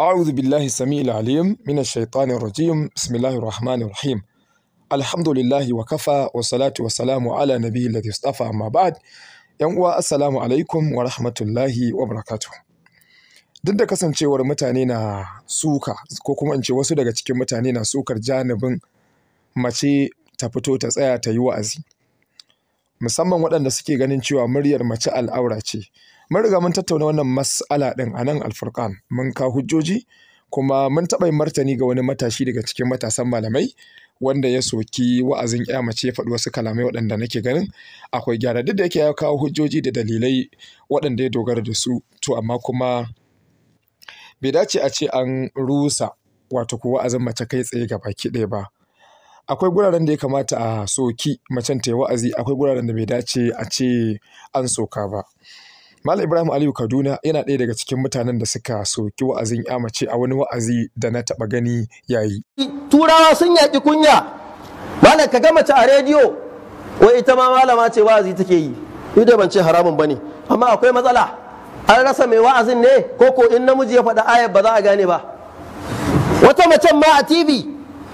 أعوذ بالله السميع العليم من الشيطان الرجيم بسم الله الرحمن الرحيم الحمد لله وكفى والصلاة والسلام على نبي الذي اصطفى أما بعد uwa السلام alaikum wa rahmatullahi wa duk da kasancewar mutane na suka ko kuma in ce wasu daga cikin mutane na sukar janibin mace ta fito ta tsaya ta yi wa'azi musamman waɗanda suke ganin cewa muryar mace al'aura ce mun riga mun tattauna wannan mas'ala ɗin a nan alfurkan, mun ka hujjoji kuma mun taɓa martani ga wani matashi daga cikin matasan malamai wanda ya soki wa'azin ya mace faɗi wasu kalamai waɗanda nake ganin akwai gyara duk da yake ya kawo hujjoji da dalilai waɗanda ya dogara da su to amma kuma bai dace a ce an rusa wato ko wa'azin mace kai tsaye ga baki ɗaya ba akwai guraren da ya kamata a soki macen ta yi wa'azi akwai guraren da bai dace a ce an soka ba Malam Ibrahim Aliyu Kaduna yana ɗaya daga cikin mutanen da suka soki wa'azin mace a wani wa'azi da na taɓa gani yayi. Turawa sun yaƙi kunya. Malam ka ga mace a rediyo wai ita ma malama ce wa'azi take yi. Ni dai ban ce haramun bane amma akwai matsala. An rasa mai wa'azin ne ko ko in namiji ya faɗa ayar ba za a gane ba. Wata macen ma a TV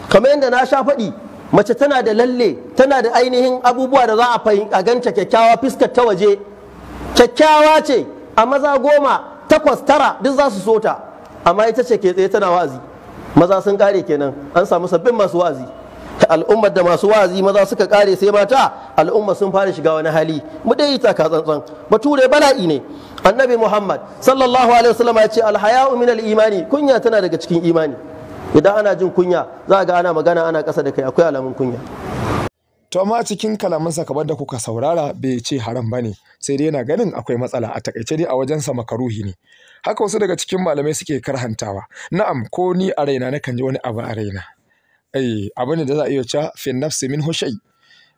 kamar yadda na sha faɗi mace tana da lalle tana da ainihin abubuwa da za a ganta kyakkyawa fuskar ta waje kyakkyawa ce a maza goma takwas tara duk za su so ta amma ita ce ke tsaye tana wa'azi maza sun kare kenan an samu sabbin masu wa'azi al'ummar da masu wa'azi maza suka kare sai mata al'umma sun fara shiga wani hali mu dai ita ka tsantsan bature bala'i ne annabi muhammad sallallahu alaihi wasallam ya ce alhaya'u min imani kunya tana daga cikin imani idan ana jin kunya za ga ana magana ana kasa da kai akwai alamun kunya to amma cikin kalamansa kamar da kuka saurara bai ce haram ba ne, sai dai yana ganin akwai matsala a takaice dai a wajensa makaruhi ne haka wasu daga cikin malamai suke karhantawa na'am ko ni a raina na kan ji wani abu a raina ai eh, abu da za a iya cewa fi nafsi min hushai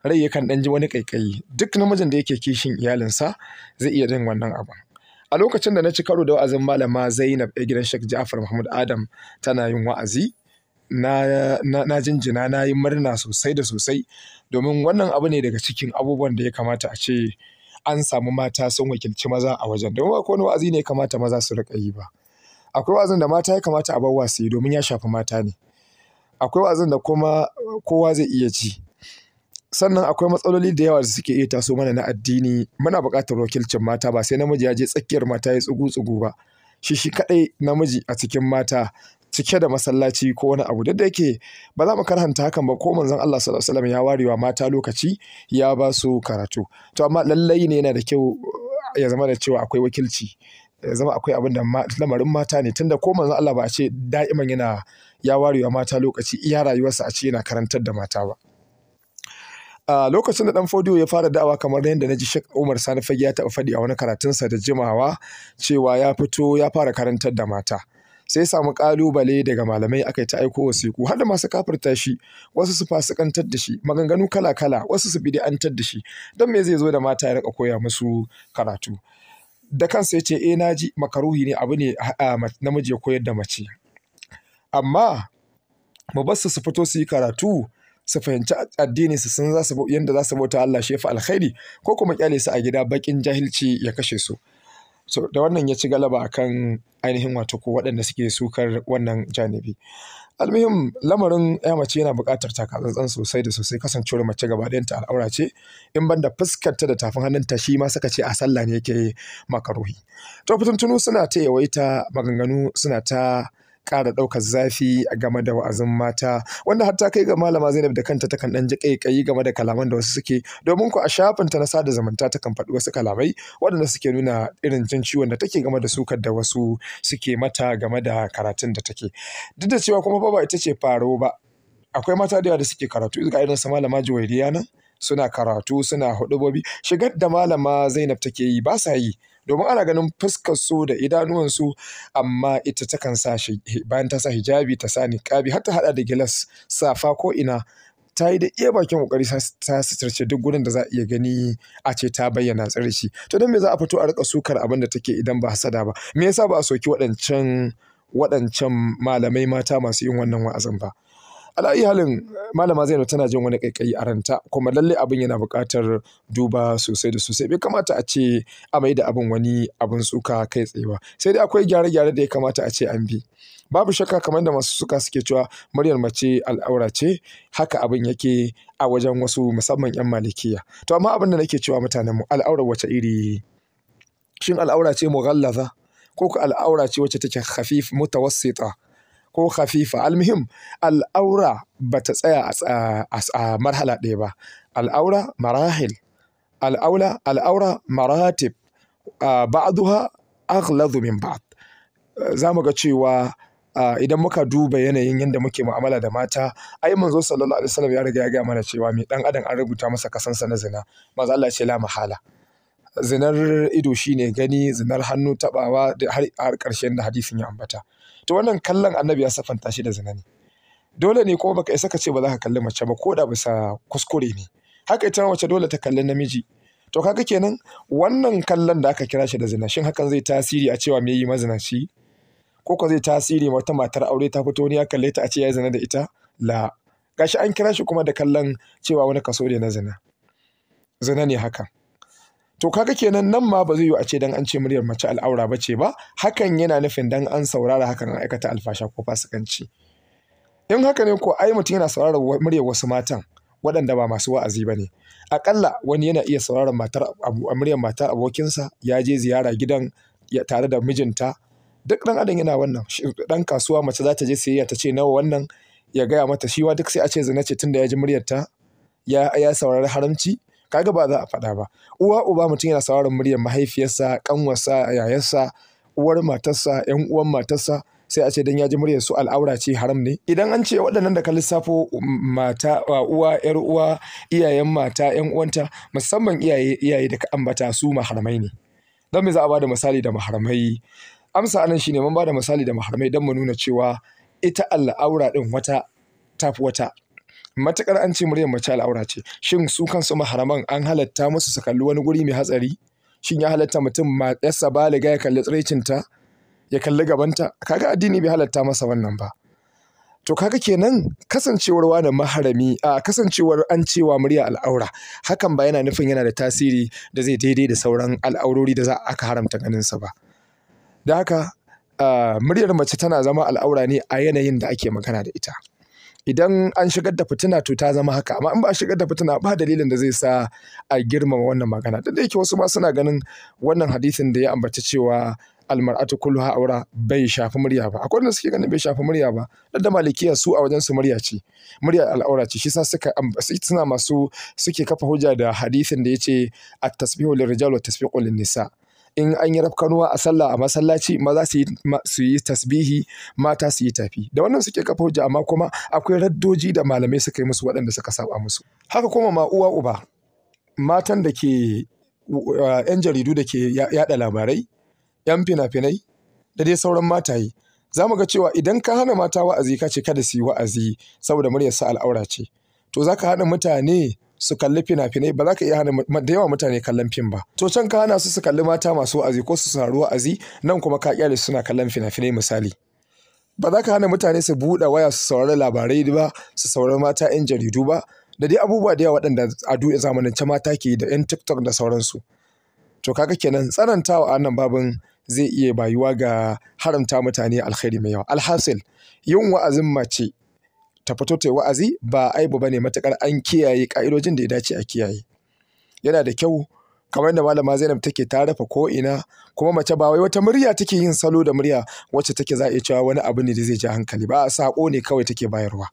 rai yakan dan ji wani kaikayi duk namijin da yake kishin iyalinsa zai iya jin wannan abin a lokacin da na ci karo da wa'azin malama Zainab a gidan Sheikh Ja'far Mahmud Adam tana yin wa'azi na jinjina na yi murna sosai da sosai Domin wannan abu ne daga cikin abubuwan da ya kamata a ce an samu mata sun wakilci maza a wajen. Domin ba kowane wa'azi ne ya kamata maza su riƙa yi ba. Akwai wa'azin da mata ya kamata a bar wa domin ya shafi mata ne. Akwai wa'azin da kuma kowa zai iya ji. Sannan akwai matsaloli da yawa da suke iya taso mana na addini. Muna buƙatar wakilcin mata ba sai namiji ya je tsakiyar mata ya tsugu-tsugu ba. Shi shi kaɗai namiji a cikin mata cike da masallaci ko wani abu duk da yake ba za mu karhanta hakan ba ko manzon Allah sallallahu alaihi ya warewa mata lokaci ya ba su karatu to amma lallai ne yana da kyau uh, ya zama da cewa akwai wakilci ya zama akwai abin da lamarin mata ne tunda ko manzon Allah ba a ce da'iman yana ya warewa mata lokaci iya rayuwarsa a ce yana karantar da mata ba a lokacin da dan fodiyo ya fara da'awa kamar yadda na ji shek Umar Sani ya taɓa faɗi a wani karatunsa da jimawa cewa ya fito ya fara karantar da mata sai ya samu kalubale daga malamai aka yi ta aiko wasiku har da masu kafirta shi wasu su fasikantar da shi maganganu kala-kala wasu su bid'antar da shi don me zai zo da mata ya rika koya musu karatu da kansa ya ce eh naji makaruhi ne abu ne namiji ya koyar da mace amma mu bar su su fito su yi karatu su fahimci addini su sun yadda za su bauta Allah shi ya alkhairi ko kuma kyale su a gida bakin jahilci ya kashe su so da wannan ya ci galaba kan ainihin wato ko waɗanda suke sukar wannan janibi almihim lamarin ya mace yana buƙatar takatsantsan sosai da sosai kasancewar mace gaba ɗayanta al'aura ce in banda fuskarta da tafin hannunta shi ma suka ce a sallah ne yake makaruhi to fitintunu suna ta yawaita maganganu suna ta ƙara ɗaukar zafi game da wa'azin mata wanda har ta kai ga malama Zainab da kanta takan ɗan ji ƙaiƙayi game da kalaman da wasu suke domin ku a shafin ta na sada zumunta takan faɗi wasu kalamai waɗanda suke nuna irin jin ciwon da take game da sukar da wasu suke mata game da karatun da take duk da cewa kuma ba ita ce faro ba akwai mata da yawa da suke karatu ga irin su malama Juwairiya nan suna karatu suna hudubobi shigar da malama Zainab take yi ba sa yi domin ana ganin fuskar su da idanuwansu, amma ita takan sa bayan ta sa hijabi ta sa niqabi har ta hada da gilas safa ko ina ta yi da iya bakin kokari ta sitarce duk gurin da za a iya gani a ce ta bayyana tsare shi to don me za a fito a rika sukar abin da take idan ba hasada ba me yasa ba a soki waɗancan waɗancan malamai mata masu yin wannan wa'azin ba ala halin malama zainab tana jin wani kaikayi a ranta kuma lalle abin yana buƙatar duba sosai da sosai bai kamata a ce a mai da abin wani abin suka kai tsaye ba sai dai akwai gyare-gyare da ya kamata a ce an bi babu shakka kamar da masu suka suke cewa muryar mace al'aura ce haka abin yake a wajen wasu musamman 'yan malikiya to amma abin da nake cewa mutanenmu al'aurar wace iri shin al'aura ce mughallaza ko ku al'aura ce wacce take khafif mutawassita ko khafifa almuhim al'aura ba ta tsaya a marhala ɗaya ba al'aura marahil al'aula al'aura maratib ba'duha aghladu min ba'd zamu ga cewa idan muka duba yanayin yadda muke mu'amala da mata ai manzo sallallahu alaihi wasallam ya riga ya ga mana cewa mai dan adam an rubuta masa kasansa na zina manzo Allah ya ce la mahala zinar ido shine gani zinar hannu tabawa har ƙarshen da hadisin ya ambata to wannan kallon annabi ya safanta shi da zina ne dole ne ko baka isa ka ce ba za ka kalli mace ba ko da bisa kuskure ne haka ita mace dole ta kalli namiji to kaga kenan wannan kallon da aka kira shi da zina shin hakan zai tasiri a cewa me yi mazinaci ko ko zai tasiri wata matar aure ta fito ne ya kalle ta a ce ya zina da ita la gashi an kira shi kuma da kallon cewa wani kaso ne na zina zina ne haka to kaga kenan nan ma ba zai yi a ce dan an ce muryar mace al'aura ba ce ba hakan yana nufin dan an saurara hakan an aikata alfasha ko fasikanci in haka ne ko ai mutum yana saurara muryar wasu matan waɗanda ba masu wa'azi ba ne aƙalla wani yana iya sauraron matar muryar matar abokinsa ya je ziyara gidan tare da mijinta duk ɗan adam yana wannan dan kasuwa mace za ta je siyayya ta ce nawa wannan ya gaya mata shiwa duk sai a ce zina ce da ya ji muryarta ta ya saurari haramci kaga ba za a faɗa ba uwa uba mutum yana sauraron muryar mahaifiyarsa kanwarsa yayarsa uwar matarsa yan uwan matarsa sai a ce dan ya ji muryar su al'aura ce haram ne idan an ce waɗannan da ka lissafo um, mata uh, uwa yar uwa iyayen mata yan uwanta musamman iyaye iyaye da ka ambata su maharamai ne dan me za a bada misali da maharamai amsa anan shine mun bada misali da maharamai dan mu nuna cewa ita al'aura din wata tafi wata matukar an ce muryar mace al'aura ce shin su kansu maharaman an halatta musu su kalli wani guri mai hatsari shin ya halatta mutum ba baliga ya kalli tsiraicinta ya kalli gabanta kaga addini bai halatta masa wannan ba to kaga kenan kasancewar wani maharami a kasancewar an cewa murya al'aura hakan ba yana nufin yana da tasiri da zai daidai da sauran al'aurori da za aka haramta ganin sa ba da haka muryar mace tana zama al'aura ne a yanayin da ake magana da ita idan an shigar da fitina to ta zama haka amma in ba a shigar da fitina ba dalilin da zai sa a girmama wannan magana duk da yake wasu ma suna ganin wannan hadisin da ya ambaci cewa almar'atu kulluha aura bai shafi murya ba akwai wanda suke ganin bai shafi murya ba dan da malikiya su a wajen su murya ce murya al'aura ce shi sa suka suna masu suke kafa hujja da hadisin da yace at-tasbihu lirijal wa tasbiqu lin-nisa in an yi rafkanuwa a sallah a masallaci maza su yi tasbihi mata su yi tafi da wannan suke kafa hujja amma kuma akwai raddoji da malamai suka yi musu waɗanda suka saba musu haka kuma ma uwa uba matan da ke yan jaridu da ke yada labarai yan fina-finai da dai sauran mataye za mu ga cewa idan ka hana mata wa'azi ka ce kada su yi wa'azi saboda muryar sa al'aura ce to za ka hana mutane su kalli fina-finai ba za ka iya hana da yawa mutane kallon fim ba to can ka hana su su kalli mata masu wa'azi ko su ruwa wa'azi nan kuma ka kyale suna kallon fina-finai misali ba za ka hana mutane su buɗe waya su saurari labarai ba su saurari mata 'yan jaridu ba da dai abubuwa da yawa waɗanda a duniya zamanance mata ke da 'yan tiktok da sauransu to kaga kenan tsanantawa a nan babin zai iya bayuwa ga haramta mutane alkhairi mai yawa alhasil yin wa'azin mace ta fito ta wa'azi ba aibu ba ne matuƙar an kiyaye ƙa'idojin da ya dace a kiyaye yana da kyau kamar da malama Zainab take ta rafa ko ina kuma mace ba wai wata murya take yin salo da murya wacce take za a cewa wani abu ne da zai ja hankali ba a ne kawai take bayarwa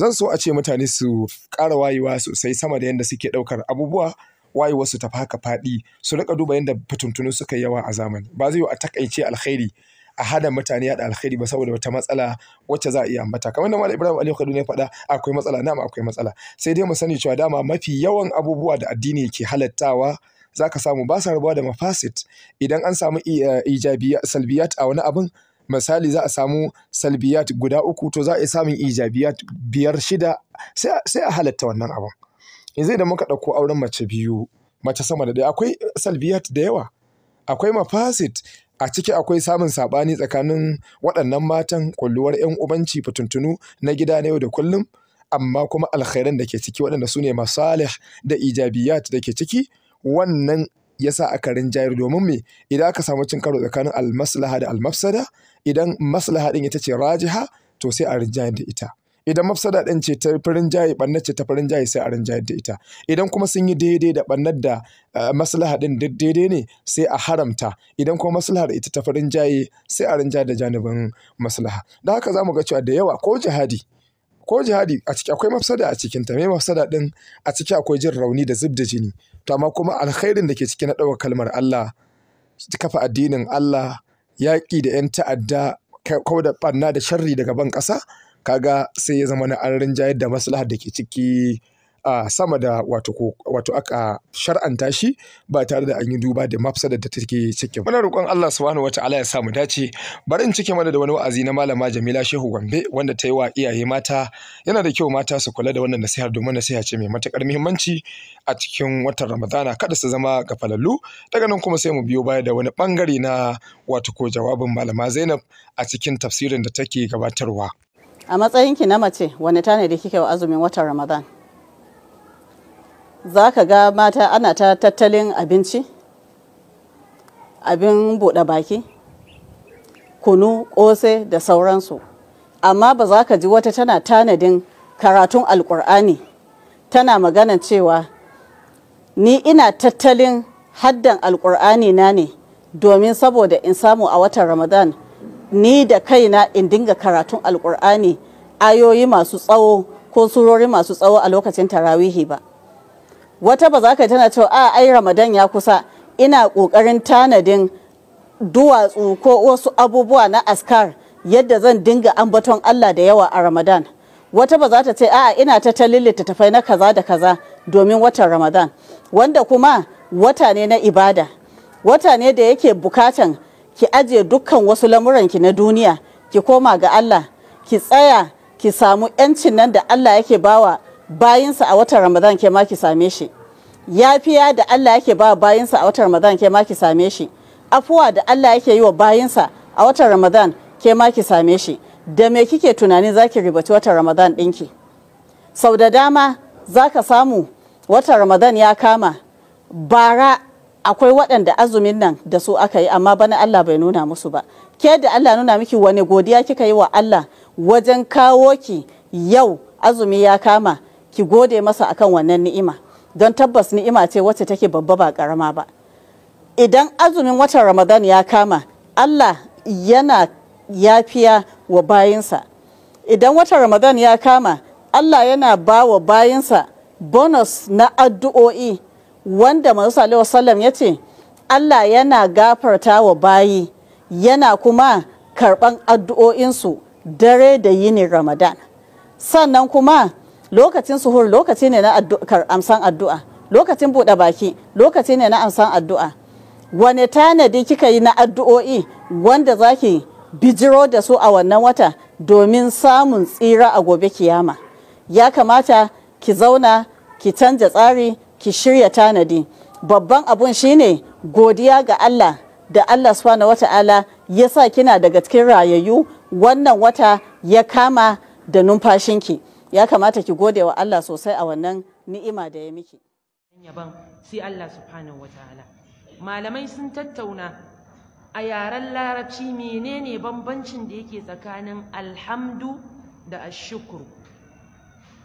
zan so a ce mutane su ƙara wayewa sosai sama da yadda suke ɗaukar abubuwa wayewarsu tafi haka faɗi su riƙa duba yadda fituntunin suka yawa a zamani ba zai yi a takaice alkhairi a hada mutane yada alkhairi ba saboda wata matsala wacce za a iya ambata kamar da malam Ibrahim Aliyu Kaduna ya faɗa akwai matsala nama akwai matsala sai dai mu sani cewa dama mafi yawan abubuwa da addini ke halattawa zaka samu ba sa rabuwa da mafasit idan an samu eh, ijabiyat salbiyat a wani abin misali za a samu salbiyat guda uku to za a samun ijabiyat biyar shida sai a halatta wannan abin yanzu idan muka ɗauko auren mace biyu mace sama da ɗaya akwai salbiyat da yawa akwai mafasit a ciki akwai samun saɓani tsakanin waɗannan matan kwalluwar 'yan ubanci fituntunu na gida na yau da kullum amma kuma alkhairan da ke ciki waɗanda su ne masalih da ijabiyat da ke ciki wannan ya sa aka rinjayar domin me idan aka samu cin karo tsakanin almaslaha da almafsada idan maslaha ɗin ita ce rajiha to sai a rinjayar da ita idan mafsada ɗin ce ta farin jaye ɓannar ce ta farin jaye sai a rinjayar da ita idan kuma sun yi daidai da ɓannar da eh, maslaha ɗin daidai ne sai a haramta idan kuma maslahar ita ta farin jaye sai a rinjayar da janibin maslaha da haka za mu ga cewa da yawa ko jihadi ko jihadi a ciki akwai mafsada a cikin ta me mafsada din a ciki akwai jin rauni da zub da jini to amma kuma alkhairin da ke ciki na ɗaukar kalmar Allah kafa addinin Allah yaƙi da 'yan ta'adda kawo da ɓanna da sharri daga ban ƙasa kaga sai ya zama na an rinjayar da maslahar da ke ciki a sama da wato aka shar'anta shi ba tare da an yi duba da mafsa da take cikin muna roƙon Allah subhanahu ala ya samu dace bari in cike mana da wani wa'azi na malama Jamila Shehu Gombe wanda ta yi wa iyaye mata yana da kyau mata su kula da wannan nasihar domin nasiha ce mai matuƙar muhimmanci a cikin watan Ramadana kada su zama ga gafalallu daga nan kuma sai mu biyo baya da wani bangare na wato ko jawabin malama Zainab a cikin tafsirin da take gabatarwa a matsayin ki na mace wani tanadi kike wa azumin watan ramadan za ka ga mata ana ta tattalin abinci abin buɗe baki kunu ƙose da sauransu amma ba za ka ji wata tana tanadin karatun Alƙur'ani, tana magana cewa ni ina tattalin haddan alkur'ani na ne domin saboda in samu a watan ramadan ni da kaina in dinga karatun alkur'ani ayoyi masu tsawo ko surori masu tsawo a lokacin tarawihi ba wata ba za ka tana cewa a ai ramadan ya kusa ina ƙoƙarin tanadin duwatsu ko wasu abubuwa na askar yadda zan dinga ambaton allah da yawa a ramadan wata ba za ta ce a'a ina ta littattafai na kaza da kaza domin watan ramadan wanda kuma wata ne na ibada wata ne da yake bukatan ki ajiye dukkan wasu lamuranki na duniya ki koma ga Allah ki tsaya ki samu yancin nan da Allah yake bawa bayinsa a watan Ramadan ke ma ki same shi yafiya da Allah yake bawa bayinsa a watan Ramadan ke ma ki same shi afuwa da Allah yake yi wa bayinsa a watan Ramadan ke ma ki same shi da me kike tunani zaki ribaci watan Ramadan ɗinki sau da dama zaka samu watan Ramadan ya kama bara akwai waɗanda azumin nan da su aka yi amma bana Allah bai nuna musu ba ke da Allah nuna miki wani godiya kika yi wa Allah wajen kawo ki yau azumi ya kama ki gode masa akan wannan ni'ima don tabbas ni'ima ce wacce take babba ba karama ba idan azumin watan ramadan ya kama Allah yana yafiya wa bayinsa idan watan ramadan ya kama Allah yana ba wa bayinsa bonus na addu'o'i wanda Masu alaihi wasallam ya ce Allah yana gafarta wa bayi yana kuma karɓan addu'o'insu dare da yini Ramadan sannan kuma lokacin suhur lokaci ne na amsan addu'a lokacin buɗe baki lokaci ne na amsan addu'a wane tanadi kika yi na addu'o'i wanda zaki bijiro da su a wannan wata domin samun tsira a gobe kiyama ya kamata ki zauna ki canja tsari ki shirya tanadi babban abun shine godiya ga Allah da Allah subhanahu ta'ala ya sa kina daga cikin rayayyu wannan wata ya kama da numfashinki ya kamata ki gode wa Allah sosai a wannan ni'ima da ya miki yaban sai Allah subhanahu ta'ala malamai sun tattauna a yaren larabci menene bambancin da yake tsakanin alhamdu da ashukuru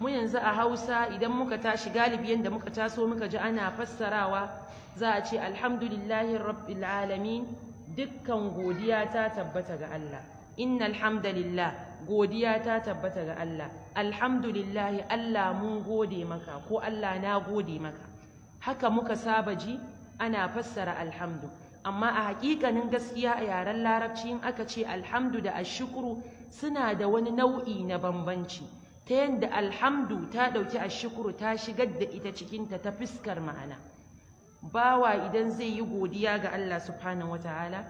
mu yanzu a hausa idan muka tashi galibiyan da muka taso muka ji ana fassarawa za a ce alhamdulillahi rabbil alamin dukkan godiya ta tabbata ga Allah Inna hamdalillah godiya ta tabbata ga Allah alhamdulillahi Allah mun gode maka ko Allah na gode maka haka muka saba ji ana fassara alhamdu amma a hakikanin gaskiya a yaren larabci in aka ce alhamdu da ashukuru suna da wani nau'i na bambanci ta yadda alhamdu ta ɗauki ashukuru ta shigar da ita cikinta ta fiskar ma'ana bawa idan zai yi godiya ga Allah subhanahu wataala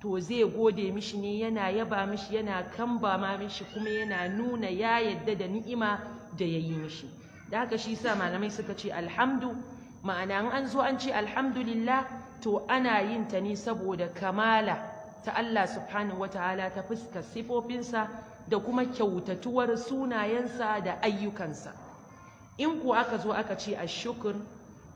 to zai gode mishi ne yana yaba mishi yana kamba ma mishi kuma yana nuna ya yadda da ni'ima da ya yi mishi da haka shi sa malamai suka ce alhamdu ma'ana an zo an ce lillah, to ana yin ta ne saboda kamala ta Allah subhanahu wataala ta fuskar sifofinsa da kuma kyautatuwar sunayensa da ayyukansa in ku aka zo aka ce a shukur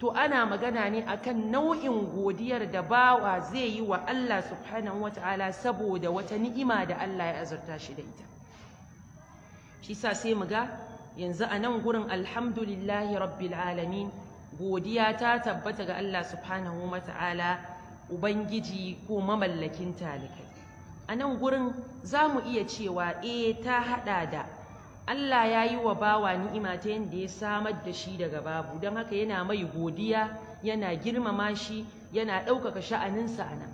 to ana magana ne akan nau'in godiyar da bawa zai yi wa Allah subhanahu wata'ala saboda wata ni'ima da Allah ya azurta shi da ita shi sa sai mu ga yanzu a nan gurin alhamdulillahi rabbil alamin godiya ta tabbata ga Allah subhanahu wata'ala ubangiji ko mamallakin talikai a nan gurin za mu iya cewa e ta haɗa da Allah ya yi wa bawa ni'ima ta yadda ya samar da shi daga babu don haka yana mai godiya yana girmama shi yana ɗaukaka sha'aninsa a nan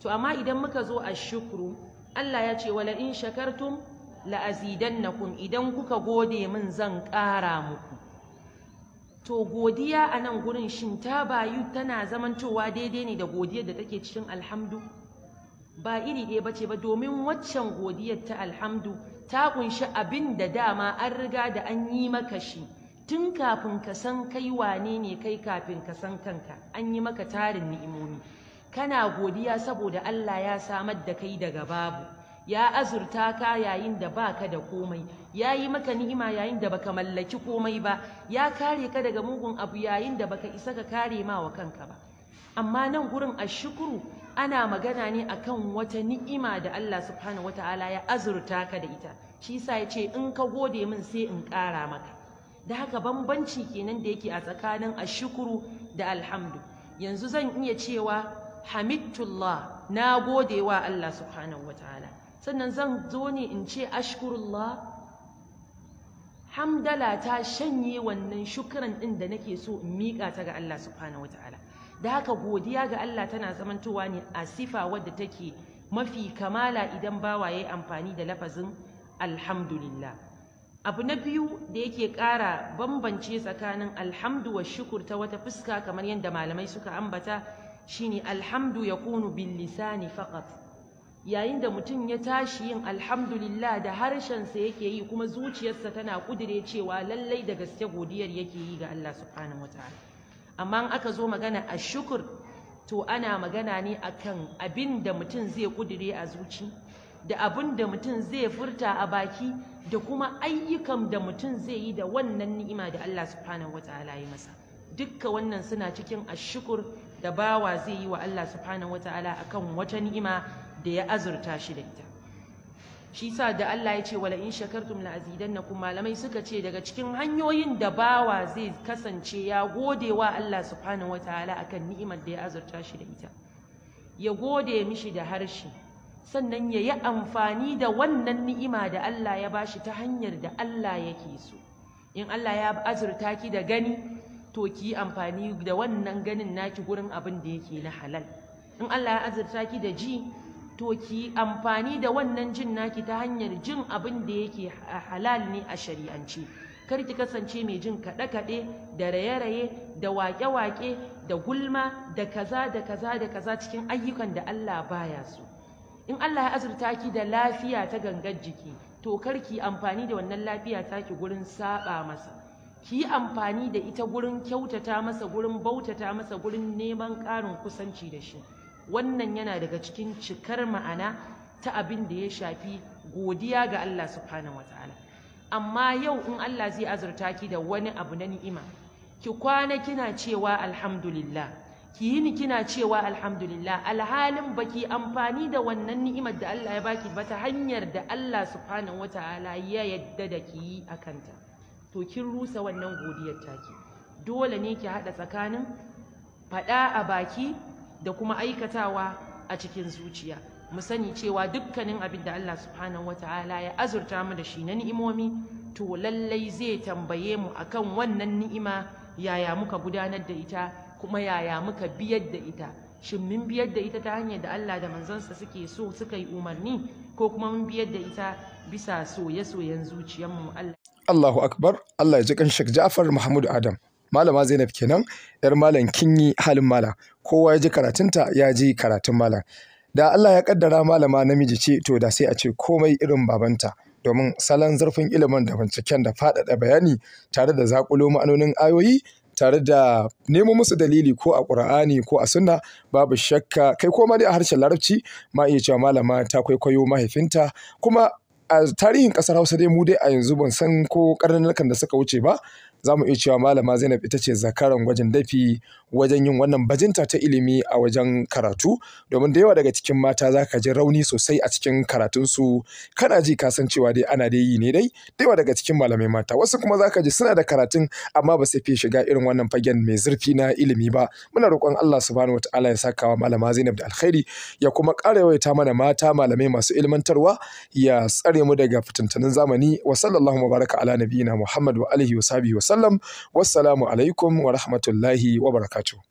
to amma idan muka zo a shukuru Allah ya ce wala in shakartum la kun, idan kuka gode min zan ƙara muku to godiya a nan gurin shin ta bayu tana zamantowa daidai ne da godiyar da take cikin alhamdu ba iri ɗaya ba ce ba domin waccan godiyar ta alhamdu ta kunshi abin da dama an riga da an yi maka shi tun kafin ka san kai wane ne kai kafin ka san kanka an yi maka tarin ni'imomi kana godiya saboda Allah ya samar da kai daga babu ya azurta ka yayin da baka da komai ya yi maka ni'ima yayin da baka mallaki komai ba ya kare ka daga mugun abu yayin da baka isa ka kare ma wa kanka ba amma nan gurin ashukuru ana magana ne akan wata ni'ima da Allah subhanahu wataala ya azurta ka da ita shi yasa ya in ka gode min sai in ƙara maka da haka bambanci kenan da yake a tsakanin ashukuru da alhamdu yanzu zan iya cewa Hamitullah, na gode wa Allah subhanahu wataala sannan zan zo ne in ce ashkurullah hamdala ta shanye wannan shukran din da nake so in miƙa ta ga Allah subhanahu wataala da haka godiya ga Allah tana zamantowa ne a sifa wadda take mafi kamala idan bawa yayi amfani da lafazin alhamdulillah abu na biyu da yake ƙara bambance tsakanin alhamdu wa shukur ta wata fuska kamar yadda malamai suka ambata shine alhamdu ya kunu bil lisani faqat yayin da mutum ya tashi yin alhamdulillah da harshensa yake yi kuma zuciyarsa tana kudire cewa lallai da gaske godiyar yake yi ga Allah subhanahu wataala amma in aka zo magana a shukur to ana magana ne akan abin da mutum zai kudire a zuci da abin da mutum zai furta a baki da kuma ayyukan da mutum zai yi da wannan ni'ima da Allah subhanahu wataala ya masa dukka wannan suna cikin ashukur da bawa zai yi wa Allah subhanahu wataala akan wata ni'ima da ya azurta shi da ita shi sa da Allah ya ce wala in shakartum la azidannakum malamai suka ce daga cikin hanyoyin da bawa zai kasance ya gode wa Allah subhanahu wataala akan ni'imar da ya azurta shi da ita ya gode mishi da harshe sannan ya yi amfani da wannan ni'ima da Allah ya bashi ta hanyar da Allah yake so in Allah ya azurta ki da gani to ki amfani da wannan ganin naki gurin abin da yake na halal in Allah ya azurta ki da ji to ki amfani da wannan jin naki ta hanyar jin abin da yake halal ne a shari'ance kar ki kasance mai jin kaɗe-kaɗe da raye-raye da waƙe-waƙe da gulma da kaza da kaza da kaza cikin ayyukan da Allah baya su. in Allah ya azurta ki da lafiya ta gangar jiki to kar ki amfani da wannan lafiya ta ki gurin saba masa ki amfani da ita gurin kyautata masa gurin bautata masa gurin neman ƙarin kusanci da shi wannan yana daga cikin cikar ma'ana ta abin da ya shafi godiya ga Allah subhanahu wataala amma yau in Allah zai azurta ki da wani abu na ni'ima ki kwana kina cewa alhamdulillah ki ni kina cewa alhamdulillah alhalin baki amfani da wannan ni'imar da Allah ya baki ba ta hanyar da Allah subhanahu wataala ya yadda da ki yi akanta to kin rusa wannan godiyar taki dole ne ki hada tsakanin faɗa a baki da kuma aikatawa a cikin zuciya mu sani cewa dukkanin abin da Allah subhanahu wataala ya azurta mu da shi na ni'imomi to lallai zai tambaye mu akan wannan ni'ima yaya muka gudanar da ita kuma yaya muka biyar da ita shin mun biyar da ita ta hanyar da Allah da manzansa suke so suka yi umarni ko kuma mun biyar da ita bisa soye-soyen zuciyarmu Allah Allahu akbar Allah ya ji kan Sheikh Ja'far Muhammad Adam malama Zainab kenan yar malam kinyi halin malam kowa ya ji karatunta ya ji karatun malam da Allah ya kaddara malama namiji ce to da sai a ce komai irin babanta domin salon zurfin ilimin da binciken da faɗaɗa bayani tare da zakulo ma'anonin ayoyi tare da nemo musu dalili ko a ƙur'ani ko a sunna babu shakka kai ko ma dai a harshen larabci ma iya cewa malama ta kwaikwayo mahaifinta kuma a tarihin ƙasar hausa dai mu dai a yanzu ban san ko karnukan da suka wuce ba za mu iya cewa malama Zainab ita ce zakaran gwajin dafi wajen yin wannan bajinta ta ilimi a wajen karatu domin da yawa daga cikin mata za ka ji rauni sosai a cikin karatunsu kana ji ka san cewa dai ana dai yi ne dai da yawa daga cikin malamai mata wasu kuma za ka ji suna da karatun amma ba su fi shiga irin wannan fagen mai zurfi na ilimi ba muna roƙon Allah subhanahu ta'ala ya saka wa malama Zainab da alkhairi ya kuma ƙara yawaita mana mata malamai masu ilmantarwa ya tsare mu daga fitintunan zamani wa sallallahu mubaraka ala nabiyina Muhammad wa alihi wa sahbihi wa wasallam wassalamu alaikum wa rahmatullahi wa barakatuh